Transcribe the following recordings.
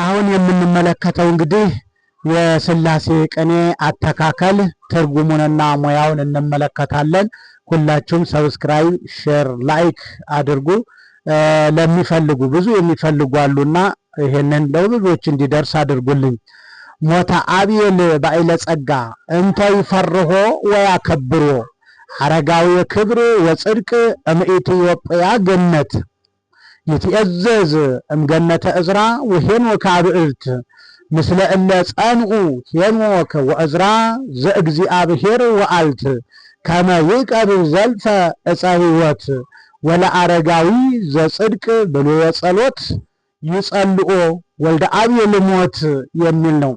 አሁን የምንመለከተው እንግዲህ የስላሴ ቅኔ አተካከል ትርጉሙንና ሙያውን እንመለከታለን። ሁላችሁም ሰብስክራይብ፣ ሼር፣ ላይክ አድርጉ። ለሚፈልጉ ብዙ የሚፈልጉ አሉና ይሄንን ለብዙዎች እንዲደርስ አድርጉልኝ። ሞታ አብየል ባይለ ጸጋ እንተ ይፈርሆ ወያከብሮ አረጋዊ ክብር ወጽድቅ እምኢትዮጵያ ገነት ይትእዘዝ እምገነተ እዝራ ወሄኖከ አብዕልት ምስለ እለ ጸንኡ ሄኖከ ወእዝራ ዘእግዚአብሔር ወአልት ከመ ይቀብር ዘልፈ ዕፀ ሕይወት ወለአረጋዊ ዘጽድቅ ብሉየ ጸሎት ይጸልኦ ወልደ አብ ልሞት የሚል ነው።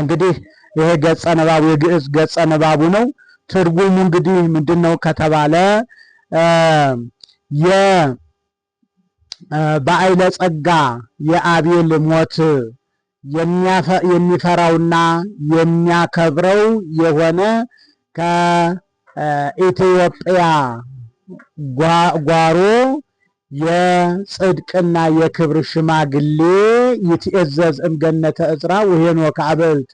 እንግዲህ ይሄ ገጸ ንባቡ የግዕዝ ገጸ ንባቡ ነው። ትርጉሙ እንግዲህ ምንድን ነው ከተባለ በአይለ ጸጋ የአቤል ሞት የሚፈራውና የሚያከብረው የሆነ ከኢትዮጵያ ጓሮ የጽድቅና የክብር ሽማግሌ ይትእዘዝ እምገነተ እዝራ ወሄኖክ አብልት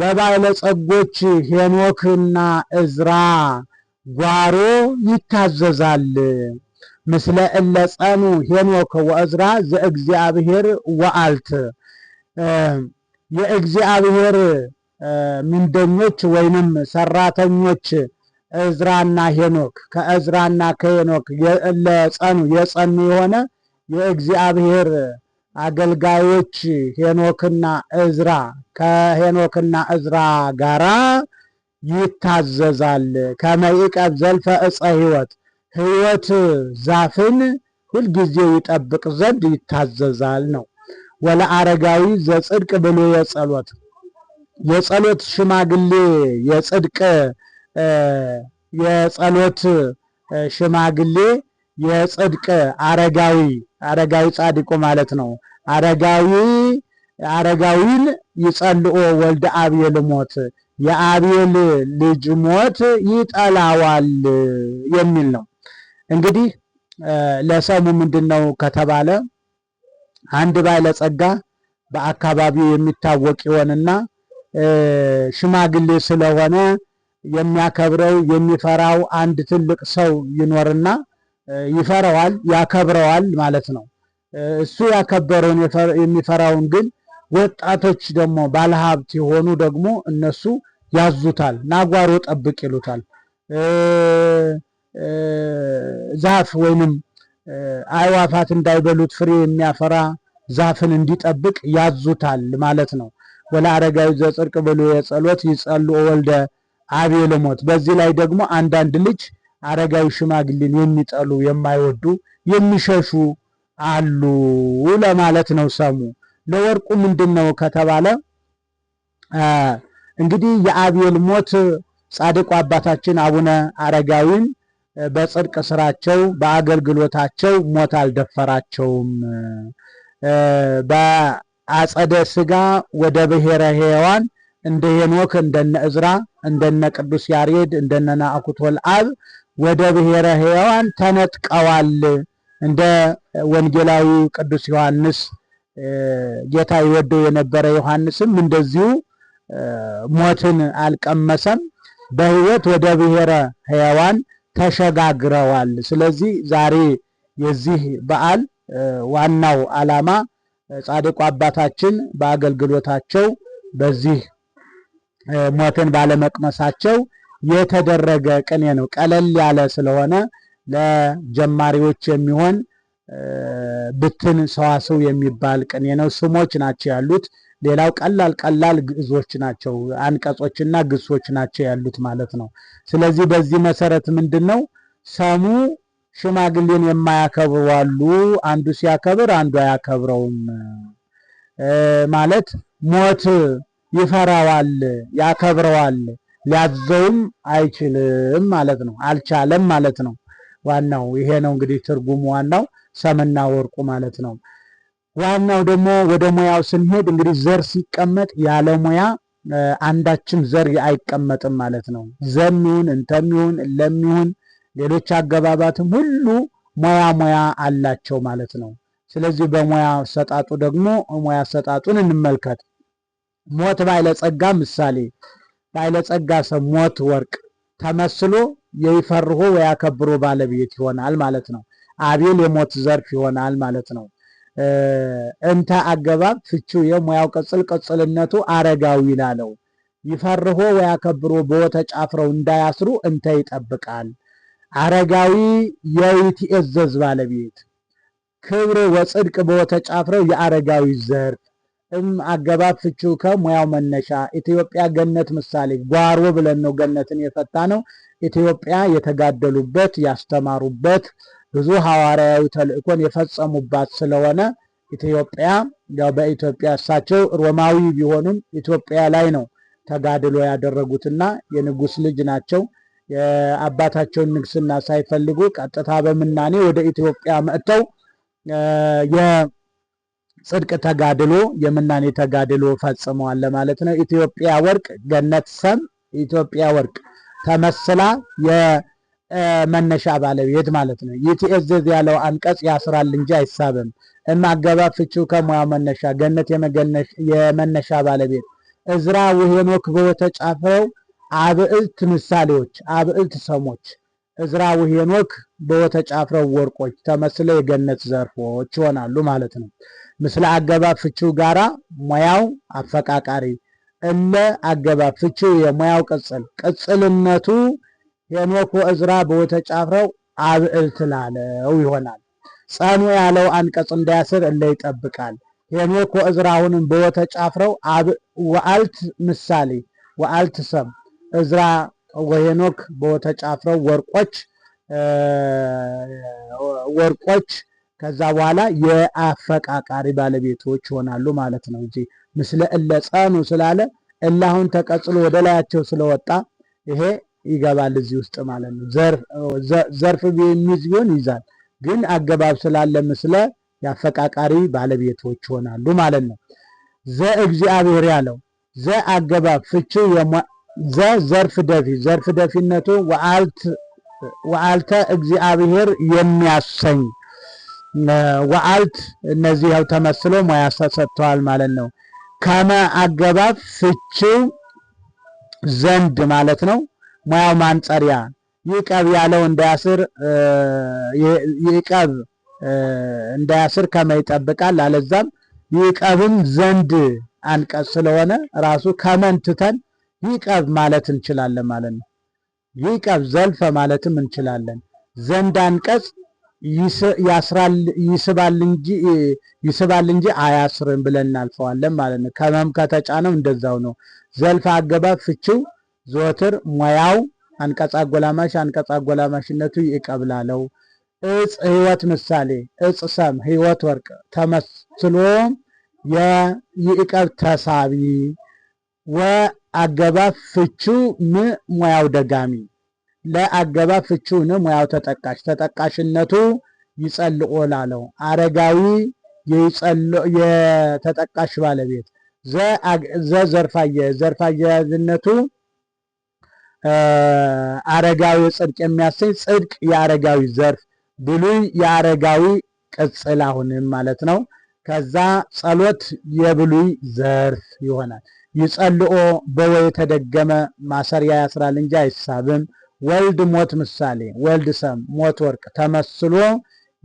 በባለጸጎች ሄኖክና እዝራ ጓሮ ይታዘዛል። ምስለ እለ ጸኑ ሄኖክ ወእዝራ ዘእግዚአብሔር ወአልት የእግዚአብሔር ምንደኞች ወይንም ሰራተኞች እዝራና ሄኖክ ከእዝራና ከሄኖክ ለጸኑ የጸኑ የሆነ የእግዚአብሔር አገልጋዮች ሄኖክና እዝራ ከሄኖክና እዝራ ጋራ ይታዘዛል ከመይቀብ ዘልፈ እፀ ሕይወት ሕይወት ዛፍን ሁልጊዜ ይጠብቅ ዘንድ ይታዘዛል ነው። ወለ አረጋዊ ዘጽድቅ ብሎ የጸሎት የጸሎት ሽማግሌ የጽድቅ የጸሎት ሽማግሌ የጽድቅ አረጋዊ አረጋዊ ጻድቁ ማለት ነው። አረጋዊ አረጋዊን ይጸልኦ ወልደ አብየል ሞት የአብኤል ልጅ ሞት ይጠላዋል የሚል ነው። እንግዲህ ለሰሙ ምንድን ነው ከተባለ አንድ ባለጸጋ በአካባቢው የሚታወቅ ይሆንና ሽማግሌ ስለሆነ የሚያከብረው የሚፈራው አንድ ትልቅ ሰው ይኖርና ይፈራዋል፣ ያከብረዋል ማለት ነው። እሱ ያከበረውን የሚፈራውን ግን ወጣቶች ደግሞ ባለሀብት የሆኑ ደግሞ እነሱ ያዙታል፣ ናጓሮ ጠብቅ ይሉታል። ዛፍ ወይንም አዕዋፋት እንዳይበሉት ፍሬ የሚያፈራ ዛፍን እንዲጠብቅ ያዙታል ማለት ነው። ወለአረጋዊ ዘጽርቅ ብሎ የጸሎት ይጸልኦ ወልደ አቤ ለሞት። በዚህ ላይ ደግሞ አንዳንድ ልጅ አረጋዊ ሽማግሌን የሚጠሉ የማይወዱ የሚሸሹ አሉ ለማለት ነው። ሰሙ ለወርቁ ምንድን ነው ከተባለ እንግዲህ የአብየል ሞት ጻድቁ አባታችን አቡነ አረጋዊን በጽድቅ ስራቸው በአገልግሎታቸው ሞት አልደፈራቸውም። በአጸደ ስጋ ወደ ብሔረ ሕያዋን እንደ ሄኖክ እንደነ እዝራ እንደነ ቅዱስ ያሬድ እንደነ ናአኩቶል አብ ወደ ብሔረ ሕያዋን ተነጥቀዋል። እንደ ወንጌላዊ ቅዱስ ዮሐንስ ጌታ ይወደው የነበረ ዮሐንስም እንደዚሁ ሞትን አልቀመሰም። በሕይወት ወደ ብሔረ ሕያዋን ተሸጋግረዋል። ስለዚህ ዛሬ የዚህ በዓል ዋናው ዓላማ ጻድቁ አባታችን በአገልግሎታቸው በዚህ ሞትን ባለመቅመሳቸው የተደረገ ቅኔ ነው። ቀለል ያለ ስለሆነ ለጀማሪዎች የሚሆን ብትን፣ ሰዋስው የሚባል ቅኔ ነው። ስሞች ናቸው ያሉት። ሌላው ቀላል ቀላል ግዕዞች ናቸው፣ አንቀጾችና ግሶች ናቸው ያሉት ማለት ነው። ስለዚህ በዚህ መሰረት ምንድን ነው ሰሙ ሽማግሌን የማያከብሩ አሉ። አንዱ ሲያከብር አንዱ አያከብረውም ማለት ሞት ይፈራዋል፣ ያከብረዋል፣ ሊያዘውም አይችልም ማለት ነው። አልቻለም ማለት ነው። ዋናው ይሄ ነው እንግዲህ ትርጉሙ፣ ዋናው ሰምና ወርቁ ማለት ነው። ዋናው ደግሞ ወደ ሙያው ስንሄድ እንግዲህ ዘር ሲቀመጥ ያለ ሙያ አንዳችም ዘር አይቀመጥም ማለት ነው። ዘሚሁን እንተሚሁን ለሚሁን ሌሎች አገባባትም ሁሉ ሙያ ሙያ አላቸው ማለት ነው። ስለዚህ በሙያ ሰጣጡ ደግሞ ሙያ አሰጣጡን እንመልከት። ሞት ባይለጸጋ ምሳሌ ባይለጸጋ ሰው ሞት ወርቅ ተመስሎ የይፈርሁ ወያከብሩ ባለቤት ይሆናል ማለት ነው። አቤል የሞት ዘርፍ ይሆናል ማለት ነው። እንተ አገባብ ፍቺው የሙያው ቅጽል ቅጽልነቱ አረጋዊ ላለው ይፈርሆ ወያከብሮ በወተ ተጫፍረው እንዳያስሩ እንተ ይጠብቃል አረጋዊ እዘዝ ባለቤት ክብር ወጽድቅ በወተ ተጫፍረው የአረጋዊ ዘርፍ እም አገባብ ፍቺው ከሙያው መነሻ ኢትዮጵያ ገነት ምሳሌ ጓሮ ብለን ነው ገነትን የፈታ ነው። ኢትዮጵያ የተጋደሉበት ያስተማሩበት ብዙ ሐዋርያዊ ተልእኮን የፈጸሙባት ስለሆነ ኢትዮጵያ ያው በኢትዮጵያ እሳቸው ሮማዊ ቢሆኑም ኢትዮጵያ ላይ ነው ተጋድሎ ያደረጉትና የንጉስ ልጅ ናቸው። የአባታቸውን ንግስና ሳይፈልጉ ቀጥታ በምናኔ ወደ ኢትዮጵያ መጥተው የጽድቅ ተጋድሎ የምናኔ ተጋድሎ ፈጽመዋል ለማለት ነው። ኢትዮጵያ ወርቅ ገነት ሰም ኢትዮጵያ ወርቅ ተመስላ የመነሻ ባለቤት ማለት ነው። ይትእዘዝ ያለው አንቀጽ ያስራል እንጂ አይሳብም። እማገባብ ፍቺው ከሙያው መነሻ ገነት የመነሻ ባለቤት እዝራ ውሄኖክ በወተ ጫፍረው አብዕልት ምሳሌዎች አብዕልት ሰሞች እዝራ ውሄኖክ በወተ ጫፍረው ወርቆች ተመስለ የገነት ዘርፎች ይሆናሉ ማለት ነው። ምስለ አገባብ ፍቺው ጋራ ሙያው አፈቃቃሪ እለ አገባብ ፍቺው የሙያው ቅጽል ቅጽልነቱ ሄኖክ ወእዝራ በወተ ጫፍረው አብዕልት ላለው ይሆናል። ጸኑ ያለው አንቀጽ እንዳያስር እለ ይጠብቃል። ሄኖክ ወእዝራ አሁንም በወተ ወአልት ምሳሌ ወአልት ሰም እዝራ ወሄኖክ በወተ ወርቆች ወርቆች ከዛ በኋላ የአፈቃቃሪ ባለቤቶች ይሆናሉ ማለት ነው እንጂ ምስለ እለ ጸኑ ስላለ እላሁን ተቀጽሎ ወደ ላያቸው ስለወጣ ይሄ ይገባል እዚህ ውስጥ ማለት ነው። ዘርፍ የሚዝ ቢሆን ይዛል፣ ግን አገባብ ስላለ ምስለ የአፈቃቃሪ ባለቤቶች ይሆናሉ ማለት ነው። ዘ እግዚአብሔር ያለው ዘ አገባብ ፍቺ ዘ ዘርፍ ደፊ ዘርፍ ደፊነቱ ወአልተ እግዚአብሔር የሚያሰኝ ወአልት እነዚህ ያው ተመስሎ ሙያ ሰጥተዋል ማለት ነው። ከመ አገባብ ፍቺው ዘንድ ማለት ነው። ሙያው ማንጸሪያ ይቀብ ያለው እንዳያስር ይቀብ እንዳያስር ከመ ይጠብቃል። አለዛም ይቀብም ዘንድ አንቀጽ ስለሆነ ራሱ ከመን ትተን ይቀብ ማለት እንችላለን ማለት ነው። ይቀብ ዘልፈ ማለትም እንችላለን። ዘንድ አንቀጽ ይስባል እንጂ አያስርም ብለን እናልፈዋለን ማለት ነው። ከመም ከተጫነው እንደዛው ነው። ዘልፍ አገባብ ፍቺው ዘወትር ሙያው አንቀጽ አጎላማሽ አንቀጽ አጎላማሽነቱ ይቀብላለው። እጽ ህይወት ምሳሌ እጽ ሰም ህይወት ወርቅ ተመስሎ የይቀብ ተሳቢ ወአገባብ ፍቺው ም ሙያው ደጋሚ ለአገባብ ፍቺውንም ሙያው ተጠቃሽ ተጠቃሽነቱ ይጸልኦ ላለው አረጋዊ የተጠቃሽ ባለቤት ዘ ዘርፋየ ዘርፋየዝነቱ አረጋዊ ጽድቅ የሚያሰኝ ጽድቅ የአረጋዊ ዘርፍ ብሉይ የአረጋዊ ቅጽል አሁንም ማለት ነው። ከዛ ጸሎት የብሉይ ዘርፍ ይሆናል። ይጸልኦ በወይ የተደገመ ማሰሪያ ያስራል እንጂ አይሳብም። ወልድ ሞት ምሳሌ ወልድ ሰም ሞት ወርቅ ተመስሎ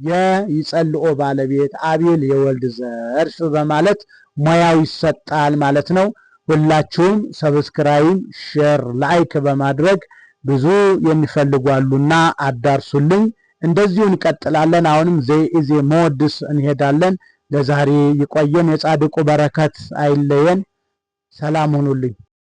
የይጸልኦ ባለቤት አቤል የወልድ ዘርፍ በማለት ሙያው ይሰጣል ማለት ነው። ሁላችሁም ሰብስክራይብ፣ ሼር፣ ላይክ በማድረግ ብዙ የሚፈልጉ አሉና አዳርሱልኝ። እንደዚሁ እንቀጥላለን። አሁንም ዘይ ዘኢዜ መወድስ እንሄዳለን። ለዛሬ ይቆየን። የጻድቁ በረከት አይለየን። ሰላም ሁኑልኝ።